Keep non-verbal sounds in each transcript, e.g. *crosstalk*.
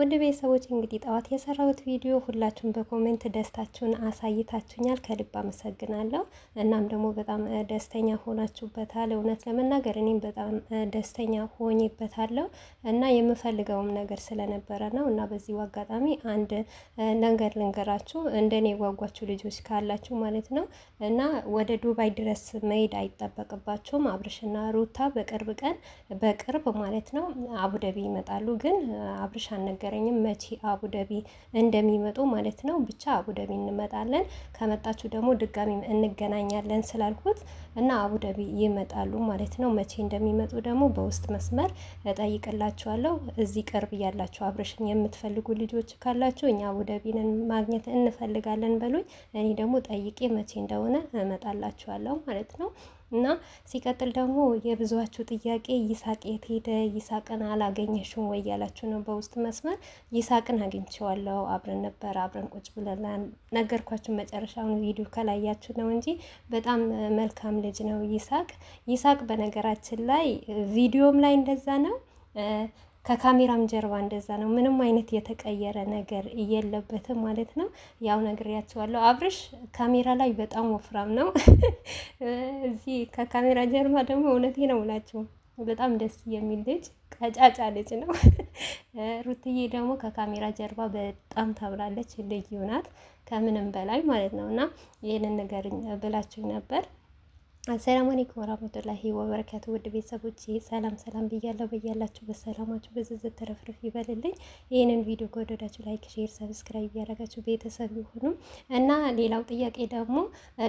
ውድ ቤተሰቦች እንግዲህ ጠዋት የሰራሁት ቪዲዮ ሁላችሁም በኮሜንት ደስታችሁን አሳይታችሁኛል። ከልብ አመሰግናለሁ። እናም ደግሞ በጣም ደስተኛ ሆናችሁበታል። እውነት ለመናገር እኔም በጣም ደስተኛ ሆኝበታለሁ እና የምፈልገውም ነገር ስለነበረ ነው እና በዚሁ አጋጣሚ አንድ ነገር ልንገራችሁ። እንደኔ የጓጓችሁ ልጆች ካላችሁ ማለት ነው እና ወደ ዱባይ ድረስ መሄድ አይጠበቅባችሁም። አብርሽና ሩታ በቅርብ ቀን በቅርብ ማለት ነው አቡደቢ ይመጣሉ። ግን አብርሽ አነገ አልተነገረኝም መቼ አቡደቢ እንደሚመጡ ማለት ነው። ብቻ አቡደቢ እንመጣለን ከመጣችሁ ደግሞ ድጋሚ እንገናኛለን ስላልኩት እና አቡደቢ ይመጣሉ ማለት ነው። መቼ እንደሚመጡ ደግሞ በውስጥ መስመር እጠይቅላችኋለሁ። እዚህ ቅርብ ያላችሁ አብረሽን የምትፈልጉ ልጆች ካላችሁ እኛ አቡደቢንን ማግኘት እንፈልጋለን በሉኝ። እኔ ደግሞ ጠይቄ መቼ እንደሆነ እመጣላችኋለሁ ማለት ነው። እና ሲቀጥል ደግሞ የብዙዋችሁ ጥያቄ ይሳቅ የት ሄደ? ይሳቅን አላገኘሽም ወይ ያላችሁ ነው። በውስጥ መስመር ይሳቅን አግኝቼዋለሁ። አብረን ነበር አብረን ቁጭ ብለን ነገርኳችሁ። መጨረሻውን ቪዲዮ ከላያችሁ ነው እንጂ በጣም መልካም ልጅ ነው ይሳቅ። ይሳቅ በነገራችን ላይ ቪዲዮም ላይ እንደዛ ነው ከካሜራም ጀርባ እንደዛ ነው። ምንም አይነት የተቀየረ ነገር እየለበትም ማለት ነው። ያው ነግሬያቸዋለሁ። አብርሽ ካሜራ ላይ በጣም ወፍራም ነው። *laughs* እዚህ ከካሜራ ጀርባ ደግሞ እውነቴ ነው እላችሁ በጣም ደስ የሚል ልጅ ቀጫጫ ልጅ ነው። *laughs* ሩትዬ ደግሞ ከካሜራ ጀርባ በጣም ታብላለች። ልዩ ናት ከምንም በላይ ማለት ነው። እና ይህንን ነገር ብላችሁ ነበር። አሰላሙ አለይኩም ወራህመቱላሂ ወበረካቱ ውድ ቤተሰቦች ሰላም ሰላም ብያለሁ። በያላችሁ በሰላማችሁ በዝዝት ተረፍርፍ ይበልልኝ። ይህንን ቪዲዮ ከወደዳችሁ ላይክ፣ ሼር፣ ሰብስክራይብ እያደረጋችሁ ቤተሰብ ይሁኑ እና ሌላው ጥያቄ ደግሞ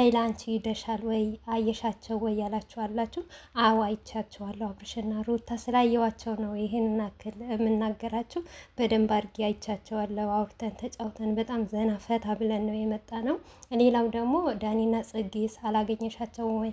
ሌላ አንቺ ይደሻል ወይ አየሻቸው ወይ ያላችሁ አላችሁ። አዎ አይቻቸዋለሁ። አብርሽና ሩታ ስላየዋቸው ነው ይህንን አክል የምናገራችሁ። በደንብ አድርጌ አይቻቸዋለሁ። አውርተን ተጫውተን በጣም ዘና ፈታ ብለን ነው የመጣ ነው። ሌላው ደግሞ ዳኒና ጽጌስ አላገኘሻቸው ወይ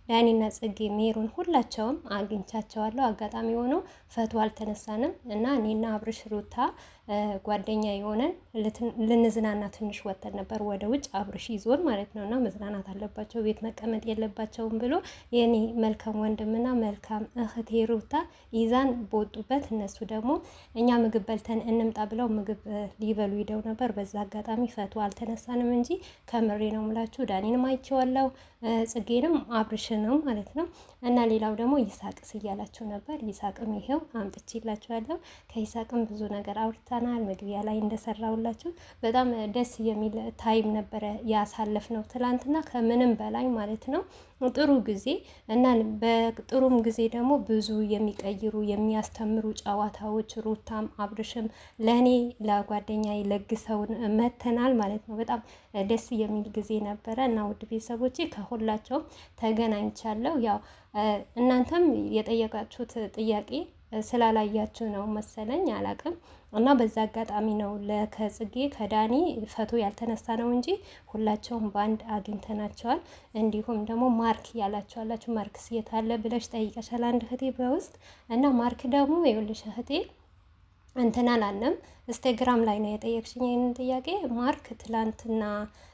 ዳኒና ጽጌ ሜሩን ሁላቸውም አግኝቻቸዋለሁ። አጋጣሚ ሆኖ ፈቶ አልተነሳንም እና እኔና አብርሽ ሩታ ጓደኛ የሆነን ልንዝናና ትንሽ ወተን ነበር ወደ ውጭ አብርሽ ይዞን ማለት ነው። እና መዝናናት አለባቸው ቤት መቀመጥ የለባቸውም ብሎ የኔ መልካም ወንድምና መልካም እህቴ ሩታ ይዛን በወጡበት እነሱ ደግሞ እኛ ምግብ በልተን እንምጣ ብለው ምግብ ሊበሉ ይደው ነበር። በዛ አጋጣሚ ፈቶ አልተነሳንም እንጂ ከምሬ ነው ምላችሁ ዳኒንም አይቼዋለሁ ጽጌንም አብርሽን ነው ማለት ነው። እና ሌላው ደግሞ ይሳቅስ እያላቸው ነበር። ይሳቅም ይሄው አምጥቼላችኋለሁ። ከይሳቅም ብዙ ነገር አውርተናል። መግቢያ ላይ እንደሰራውላችሁ በጣም ደስ የሚል ታይም ነበረ ያሳለፍ ነው ትላንትና ከምንም በላይ ማለት ነው ጥሩ ጊዜ እና በጥሩም ጊዜ ደግሞ ብዙ የሚቀይሩ የሚያስተምሩ ጨዋታዎች ሩታም አብርሽም ለእኔ ለጓደኛ ለግሰውን መተናል ማለት ነው። በጣም ደስ የሚል ጊዜ ነበረ እና ውድ ቤተሰቦቼ ከሁላቸውም ተገናኝቻለሁ ያው እናንተም የጠየቃችሁት ጥያቄ ስላላያችሁ ነው መሰለኝ አላቅም። እና በዛ አጋጣሚ ነው ለከጽጌ ከዳኒ ፈቶ ያልተነሳ ነው እንጂ ሁላቸውም በአንድ አግኝተናቸዋል። እንዲሁም ደግሞ ማርክ ያላቸዋላችሁ ማርክ ስየት አለ ብለሽ ጠይቀሻል አንድ እህቴ በውስጥ እና ማርክ ደግሞ የውልሽ እህቴ እንትን አላለም ኢንስታግራም ላይ ነው የጠየቅሽኝ ይህንን ጥያቄ ማርክ ትላንትና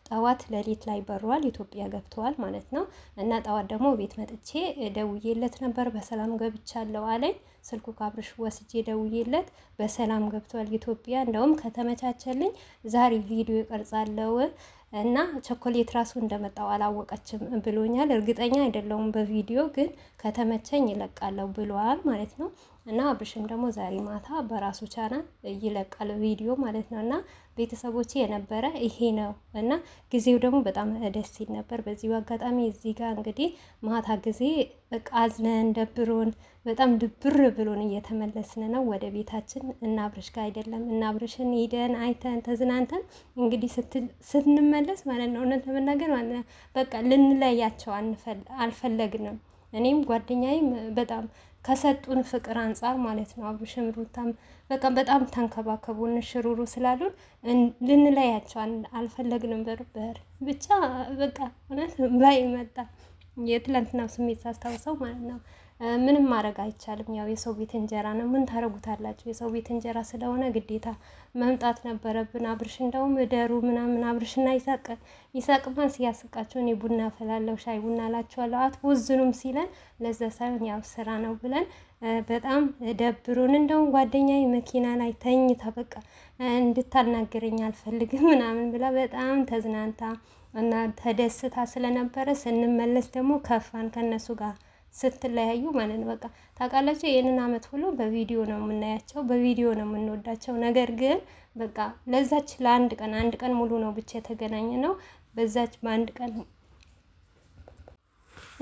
ጠዋት ለሊት ላይ በሯል ኢትዮጵያ ገብተዋል ማለት ነው። እና ጠዋት ደግሞ ቤት መጥቼ ደውዬለት ነበር። በሰላም ገብቻለሁ አለኝ። ስልኩ ካብርሽ ወስጄ ደውዬለት በሰላም ገብተዋል ኢትዮጵያ። እንደውም ከተመቻቸልኝ ዛሬ ቪዲዮ ይቀርጻለው እና ቸኮሌት ራሱ እንደመጣው አላወቀችም ብሎኛል። እርግጠኛ አይደለውም በቪዲዮ ግን ከተመቸኝ ይለቃለሁ ብለዋል ማለት ነው። እና አብርሽም ደግሞ ዛሬ ማታ በራሱ ቻናል ይለቃል ቪዲዮ ማለት ነው። እና ቤተሰቦቼ የነበረ ይሄ ነው እና ጊዜው ደግሞ በጣም ደስ ሲል ነበር። በዚሁ አጋጣሚ እዚህ ጋር እንግዲህ ማታ ጊዜ በቃ አዝነን ደብሮን በጣም ድብር ብሎን እየተመለስን ነው ወደ ቤታችን እና ጋር አይደለም እና ሂደን አይተን ተዝናንተን እንግዲህ ስንመለስ ማለት ነው እውነት ለመናገር ማለት ነው በቃ ልንለያቸው አልፈለግንም። እኔም ጓደኛዬም በጣም ከሰጡን ፍቅር አንጻር ማለት ነው። አብርሽም ሩታም በቃ በጣም ተንከባከቡ ሽሩሩ ስላሉን ልንለያቸው አልፈለግንም ነበር። ብቻ በቃ እውነት ባይመጣ የትላንትናው ስሜት ሳስታውሰው ማለት ነው። ምንም ማድረግ አይቻልም። ያው የሰው ቤት እንጀራ ነው፣ ምን ታደርጉታላችሁ? የሰው ቤት እንጀራ ስለሆነ ግዴታ መምጣት ነበረብን። አብርሽ እንደውም እደሩ ምናምን አብርሽና ይሳቅ ይሳቅማን ሲያስቃቸው እኔ ቡና ፈላለሁ፣ ሻይ ቡና እላችኋለሁ አትወዝኑም ሲለን ለዛ ሳይሆን ያው ስራ ነው ብለን በጣም ደብሮን እንደውም ጓደኛዬ መኪና ላይ ተኝታ በቃ እንድታናገረኝ አልፈልግም *laughs* ምናምን ብላ በጣም ተዝናንታ እና ተደስታ ስለነበረ ስንመለስ ደግሞ ከፋን ከነሱ ጋር ስትለያዩ ማለት ነው። በቃ ታውቃላችሁ፣ ይህንን አመት ሁሉ በቪዲዮ ነው የምናያቸው፣ በቪዲዮ ነው የምንወዳቸው። ነገር ግን በቃ ለዛች ለአንድ ቀን አንድ ቀን ሙሉ ነው ብቻ የተገናኘ ነው በዛች በአንድ ቀን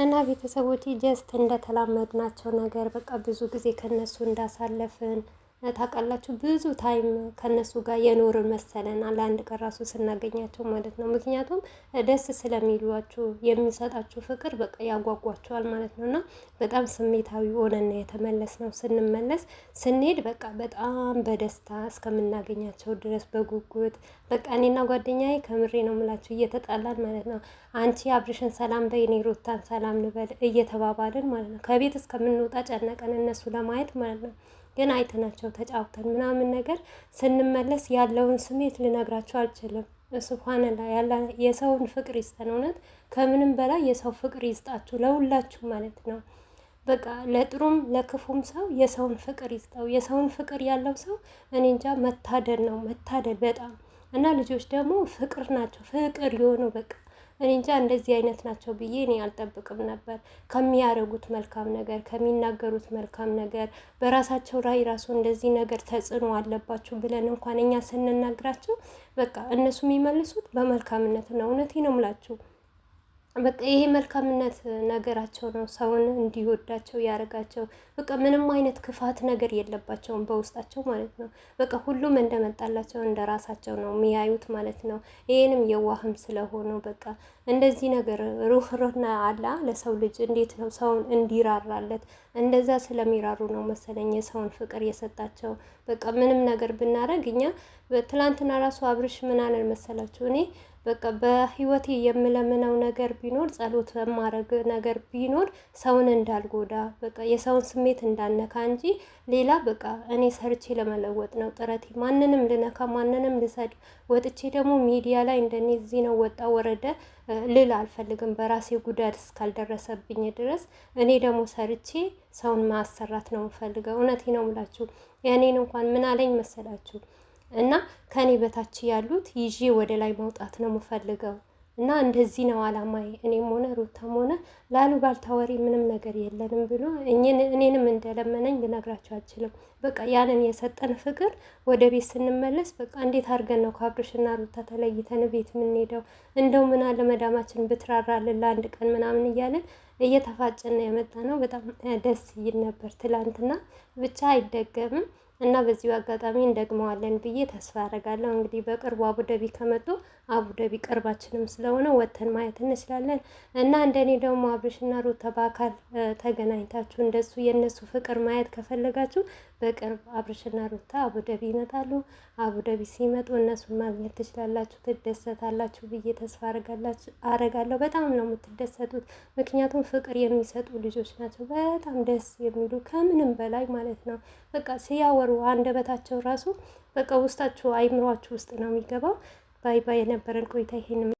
እና ቤተሰቦች ጀስት እንደተላመድናቸው ነገር በቃ ብዙ ጊዜ ከነሱ እንዳሳለፍን ታውቃላችሁ ብዙ ታይም ከነሱ ጋር የኖርን መሰለና ለአንድ ቀን ራሱ ስናገኛቸው ማለት ነው። ምክንያቱም ደስ ስለሚሏችሁ የሚሰጣችሁ ፍቅር በቃ ያጓጓችኋል ማለት ነው። እና በጣም ስሜታዊ ሆነና የተመለስ ነው። ስንመለስ ስንሄድ በቃ በጣም በደስታ እስከምናገኛቸው ድረስ በጉጉት በቃ እኔና ጓደኛዬ ከምሬ ነው ምላችሁ እየተጣላን ማለት ነው። አንቺ አብርሽን ሰላም በይ፣ እኔ ሩታን ሰላም ንበል እየተባባልን ማለት ነው። ከቤት እስከምንወጣ ጨነቀን እነሱ ለማየት ማለት ነው። ግን አይተናቸው ተጫውተን ምናምን ነገር ስንመለስ ያለውን ስሜት ልነግራቸው አልችልም። ስብሓንላ ያለ የሰውን ፍቅር ይስጠን። እውነት ከምንም በላይ የሰው ፍቅር ይስጣችሁ ለሁላችሁ ማለት ነው። በቃ ለጥሩም ለክፉም ሰው የሰውን ፍቅር ይስጠው። የሰውን ፍቅር ያለው ሰው እኔ እንጃ መታደል ነው መታደል በጣም እና ልጆች ደግሞ ፍቅር ናቸው ፍቅር የሆነው በቃ እኔ እንጃ እንደዚህ አይነት ናቸው ብዬ እኔ አልጠብቅም ነበር። ከሚያደርጉት መልካም ነገር፣ ከሚናገሩት መልካም ነገር በራሳቸው ላይ ራሱ እንደዚህ ነገር ተጽዕኖ አለባቸው ብለን እንኳን እኛ ስንናግራቸው በቃ እነሱ የሚመልሱት በመልካምነት ነው። እውነቴ ነው የምላችሁ። በቃ ይሄ መልካምነት ነገራቸው ነው። ሰውን እንዲወዳቸው ያደርጋቸው። በቃ ምንም አይነት ክፋት ነገር የለባቸውም በውስጣቸው ማለት ነው። በቃ ሁሉም እንደመጣላቸው እንደ ራሳቸው ነው የሚያዩት ማለት ነው። ይህንም የዋህም ስለሆኑ በቃ እንደዚህ ነገር ሩህሩህና አላ ለሰው ልጅ እንዴት ነው ሰውን እንዲራራለት እንደዛ ስለሚራሩ ነው መሰለኝ የሰውን ፍቅር የሰጣቸው። በቃ ምንም ነገር ብናደርግ እኛ ትላንትና ራሱ አብርሽ ምን አለን መሰላችሁ እኔ በቃ በህይወቴ የምለምነው ነገር ቢኖር ጸሎት የማረግ ነገር ቢኖር ሰውን እንዳልጎዳ በቃ የሰውን ስሜት እንዳነካ እንጂ ሌላ በቃ እኔ ሰርቼ ለመለወጥ ነው ጥረቴ። ማንንም ልነካ ማንንም ልሰድ ወጥቼ ደግሞ ሚዲያ ላይ እንደኔ እዚህ ነው ወጣ ወረደ ልል አልፈልግም። በራሴ ጉዳት እስካልደረሰብኝ ድረስ እኔ ደግሞ ሰርቼ ሰውን ማሰራት ነው ምፈልገው። እውነቴ ነው ምላችሁ። የእኔን እንኳን ምን አለኝ መሰላችሁ እና ከኔ በታች ያሉት ይዤ ወደ ላይ ማውጣት ነው የምፈልገው እና እንደዚህ ነው አላማዬ። እኔም ሆነ ሩታም ሆነ ላሉ ወሬ ምንም ነገር የለንም ብሎ እኔንም እንደለመነኝ ልነግራቸው አልችልም። በቃ ያንን የሰጠን ፍቅር ወደ ቤት ስንመለስ በቃ እንዴት አድርገን ነው ከአብርሽና ሩታ ተለይተን ቤት የምንሄደው? እንደው ምና ለመዳማችን ብትራራልን ለአንድ ቀን ምናምን እያለን እየተፋጨን የመጣ ነው። በጣም ደስ ይል ነበር ትላንትና። ብቻ አይደገምም። እና በዚሁ አጋጣሚ እንደግመዋለን ብዬ ተስፋ አረጋለሁ። እንግዲህ በቅርቡ አቡደቢ ከመጡ አቡደቢ ቅርባችንም ስለሆነ ወተን ማየት እንችላለን እና እንደኔ ደግሞ አብርሽና ሩታ በአካል ተገናኝታችሁ እንደሱ የእነሱ ፍቅር ማየት ከፈለጋችሁ በቅርብ አብርሽና ሩታ አቡደቢ ይመጣሉ። አቡደቢ ሲመጡ እነሱን ማግኘት ትችላላችሁ፣ ትደሰታላችሁ ብዬ ተስፋ አረጋለሁ። በጣም ነው የምትደሰቱት፣ ምክንያቱም ፍቅር የሚሰጡ ልጆች ናቸው። በጣም ደስ የሚሉ ከምንም በላይ ማለት ነው በቃ ሲያወ ሲያወሩ አንደበታቸው ራሱ በቃ ውስጣችሁ አይምሯችሁ ውስጥ ነው የሚገባው። ባይ ባይ። የነበረን ቆይታ ይሄን